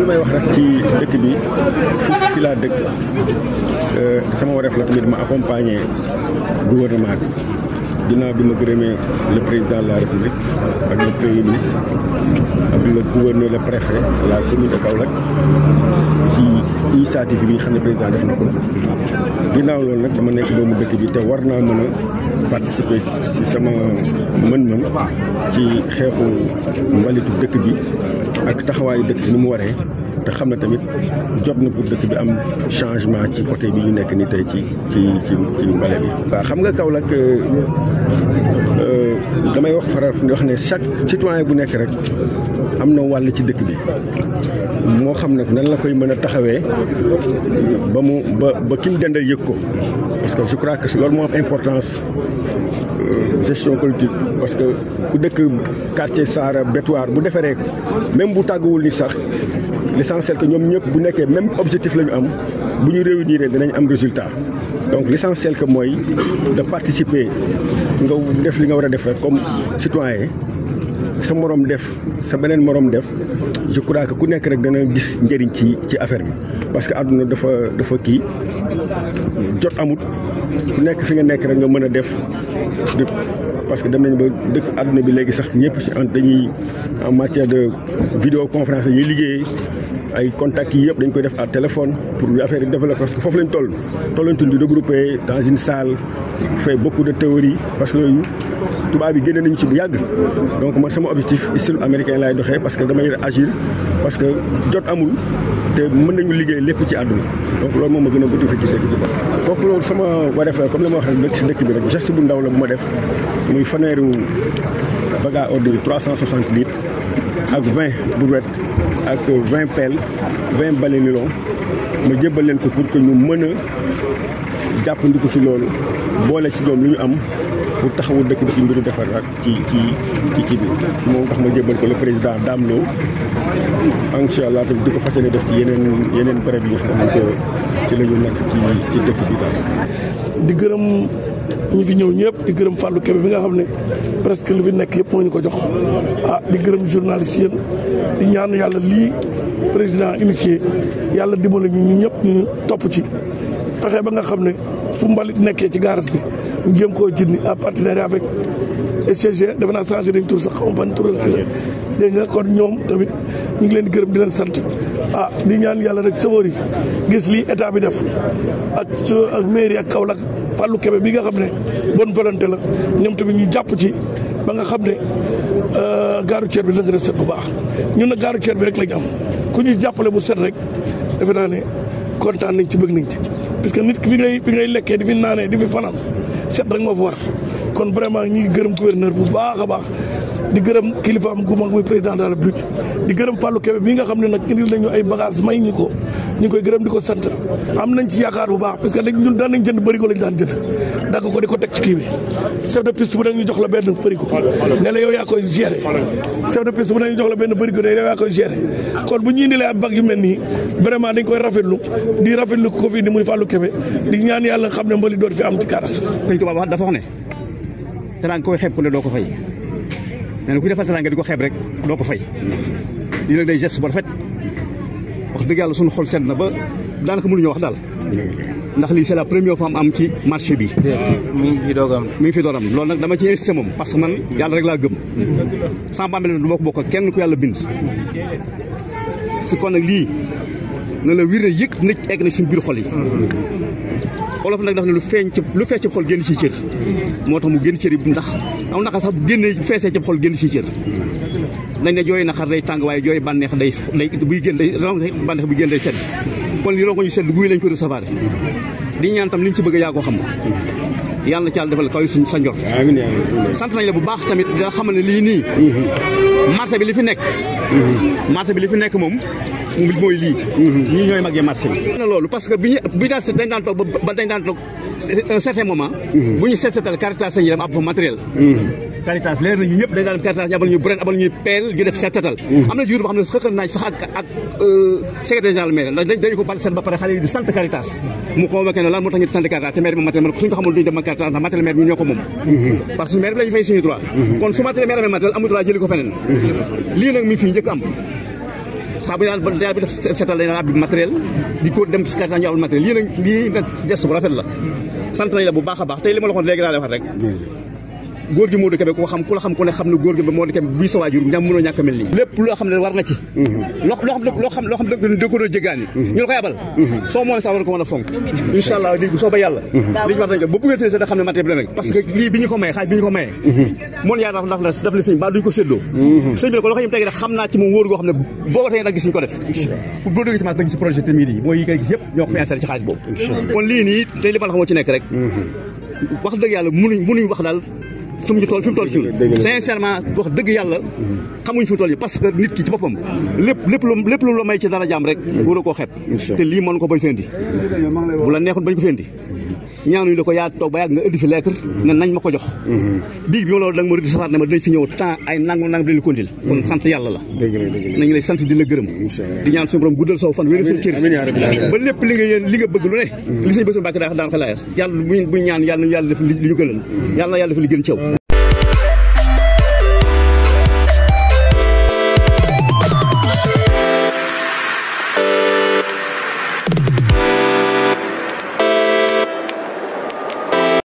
li may wax rek ci dëkk bi fi laa dëkk euh, sama wareef la tamit ma accompagner gouvernement bi ginnaaw bi ma gërëmee le président la république ak le premier ministre ak le gouverneur le préfet la commune de Kaolack ci initiative bi nga xam ne président def na ko ginnaaw loolu nag dama nekk doomu dëkk bi te war naa mën a participer ci sama mën-mën ci xeexu mbalitu dëkk bi ak taxawaayu dëkk bi ni mu waree te xam ne tamit jot na pour dëkk bi am changement ci côté bi ñu nekk ni tey ci ci ci ci mbale bi. waaw xam nga Kaolack euh, damay wax faral di wax ne chaque citoyen bu nekk rek am na wàll ci dëkk bi moo xam nag nan la koy mën a taxawee ba mu ba ba ki mu dendal yëg ko parce que je crois que loolu moo am importance euh, gestion politique parce que ku dëkk quartier Saara Bétoir bu defaree même bu tàgguwul ni sax l'essentiel que ñom ñep bu nekké même objectif lañu am bu ñu réunir dinañ am résultat donc l'essentiel que moy de participer nga def li nga wara def rek comme citoyen sa morom def sa benen morom def je crois que ku nekk rek dana gis njëriñ ci ci affaire bi parce que aduna dafa dafa ki jot amut ku nekk fi nga nekk rek nga mën def parce que dem nañ ba dëkk aduna bi légui sax ñëpp ci dañuy en matière de vidéoconférence yi liggéey ay contacts yi yëpp dañ koy def à téléphone pour affaire yi développer parce que foofu lañ toll tollatul di regrouper dans une salle fait beaucoup de théories parce que tubaab yi génne nañu ci bu yàgg donc man sama objectif style américain laay doxee parce que damay agir parce que jot amul te mën nañu liggéey lépp ci àdduna donc loolu moom ma gën a bëgg fii ci dëkk bi donc loolu sama wareef la comme li ma wax rek si dëkk bi rek geste bu ndaw la bu ma def muy fanweeri baga ordre bi 360 litres ak 20 brouettes ak 20 pelles 20 balais nylon ma jébbal ko pour que ñu mën a jàppandiku ci loolu boole ci doom lu ñu am pour taxawul dëkk bi ci mbiru defar ak ci ci ci ci bi moom tax ma jébal ko le président Dame Lo incha allah tamit di ko fas yéene def ci yeneen yeneen barab yi nga xam ne ci la nekk ci ci dëkk bi daal. di gërëm ñi fi ñëw ñëpp di gërëm Fallou Kébé bi nga xam presque li fi nekk yëpp moo ñu ko jox ah di gërëm journaliste yéen di ñaan yàlla lii président initié yàlla dimbali ñu ñëpp ñu topp ci fexe ba nga xam fu mbalit nekkee ci gaaras bi ñu jéem koo jinni à partenariat avec SCG dafa naa changé dañ tur sax xaw ma ban tur la dégg nga kon ñoom tamit ñu ngi leen di gërëm di leen sant ah di ñaan yàlla rek sëboor yi gis lii état bi def ak ak mairie ak Kaolack Fallou Kébé bi nga xam ne bonne volonté la ñoom tamit ñu jàpp ci ba nga xam ne euh, gaaru ceer bi dina gën a set bu baax ñun nag gaaru ceer bi rek lañ am ku ñu jàppale bu set rek defe naa ne kontaan nañ ci bëgg nañ ci parce que nit ki fi ngay fi lekkee di fi naanee di fi fanaan set rek moo fa war kon vraiment ñi ngi gërëm gouverneur bu baax a baax di gërëm kilifa am gu mag muy président de la République di gërëm Fallou Kébé mii nga xam ne nag indil nañu ay bagage may ñu ko ñu ngi koy gërëm di ko sant am nañ ci yaakaar bu baax parce que ñun daan nañ jënd bërigo lañ daan jënd dagg ko di ko teg ci kii bi chef de piste bu ne ñu jox la benn bërigo ne la yow yaa koy gérer chef de piste bu ne jox la benn bërigo ne yow yaa koy gérer kon bu ñu indilee ab bag yu mel nii vraiment dañ koy rafetlu di rafetlu ko fi ni muy Fallou Kébé di ñaan yàlla xam ne mbali doot fi am ci karas dañ ko wax dafa wax ne te daan koy xeeb ku ne doo nee na ku defal teraanga di ko xeeb rek doo ko fay lii nag day geste bu rafet wax dëgg yàlla sunu xol sedd na ba daanaka mënuñoo wax daal ndax lii c'est la première fois am ci marché bi. mi ngi fi doog am ngi fi doog am loolu nag dama ci insisté moom parce que man yàlla rek laa gëm. sans bambale du ma ko bokk kenn ku yàlla bind. su kon nag lii na la wir na yëg nit egg na suñu xol yi. olof nag daf ne lu feeñ ci lu fees ci xol génn ci cër moo tax mu génn cër bu ndax am naqar sax bu génnee feesee ci xol génn ci cër nañ ne jooy naqar day tàng waaye jooy banneex day day buy génn day bànneex buy génn day sedd kon li rongo ñu sedd guy lañ ko recevoir di ñaan tam liñ ci bëgg yaa ko xam yàlla na ci yàlla defal kaw yi suñ sa njort sant nañ le bu baax tamit da xam ne lii nii mm-hmm. marché bi li fi nekk marché bi li fi nek mom mooy lii ñii ñooy mag yi marché na lolu parce que bi ñu bi daan dañ daan toog ba dañ tok c'est un certain moment bu ñu seet seetal Caritas ñi dem avant matériel Caritas leer ñi ñep ñëpp dañ daan Caritas ñabal ñu bren abal ñu pel ñu def seet seetal am na jur boo xam ne xëkkal naa sax ak ak euh, secrétaire général maire dañ dañu ko bal sen ba paré xalé yi di sante Caritas mu ko convoqué na lan mo tax ñu di sant Caritas te maire bi matériel man suñ xamul duñu dem Caritas na matériel maire ñu ñoko mom mhm. parce que maire bi la fay suñu droit kon su matériel maire amé matériel amu droit jëli ko feneen mhm. lii nag mi fi njëkk am saa bu naan ba daal bi def seetal dañu naan matériel di ko dem si kàttan ñu awul matériel lii nag lii nag geste bu rafet la sant nañ la bu baax a baax te tey li ma la waxoon léegi laa lay wax rek. góor gi Modou Kébé ko xam ku la xam ku ne xam ne góor gi Modou Kébé buy sa waajur ñam mënoo ñàkk a mel nii lépp loo xam ne war na ci mhm. loo xam loo xam loo xam da ko doon jéggaani mhm. ñu la koy abal mhm. soo moomee sax war ko mën a fonk incha allah lii bu soobee yàlla li ñu war nañ ko ba bu ngeen seen xam ne matériel nag parce que lii bi ñu ko mayee xaaj bi ñu ko mayee moon yaa daf la daf la sëñ ba duñ ko séddoo sëñ bi la ko loxo yim tegi xam naa ci moom wóor goo xam ne boo ko tegee nag gis ñu ko def boo duggee ci ma danga gis projet tamit yi mooy yi koy gis yëpp ñoo ko fi installé ci xaaj boobu kon lii nii tey li ma la xamoo ci nekk rek wax dëgg yàlla munuñ munuñ wax daal fi mu toll fi mu toll ci ñun wax dëgg yàlla xamuñ fi mu toll yi parce que nit ki ci boppam lépp lépp lu lépp lu may ci dara jàmm rek waroo koo xeeb te lii mën ko bañ fendi bu la neexoon bañ ko fendi ñaanuñu la ko yaa toog ba yàgg nga indi fi lettre ne nañ ma ko jox mm-hmm. biig bi ma loolu da nga ma rëdd safar ma dinañ fi ñëw temps ay nangam nangam dañu kondil mm-hmm. kon sant yàlla la nañu lay sant di la gërëm di ñaan suñu borom guddal saw fan wéeru sa ba lépp li nga bëgg lu ne mm-hmm. li sëñ Bassirou Mbacké daa daan xalaat yàlla buñ ñaan yàlla yàlla yàlla na yàlla def li gën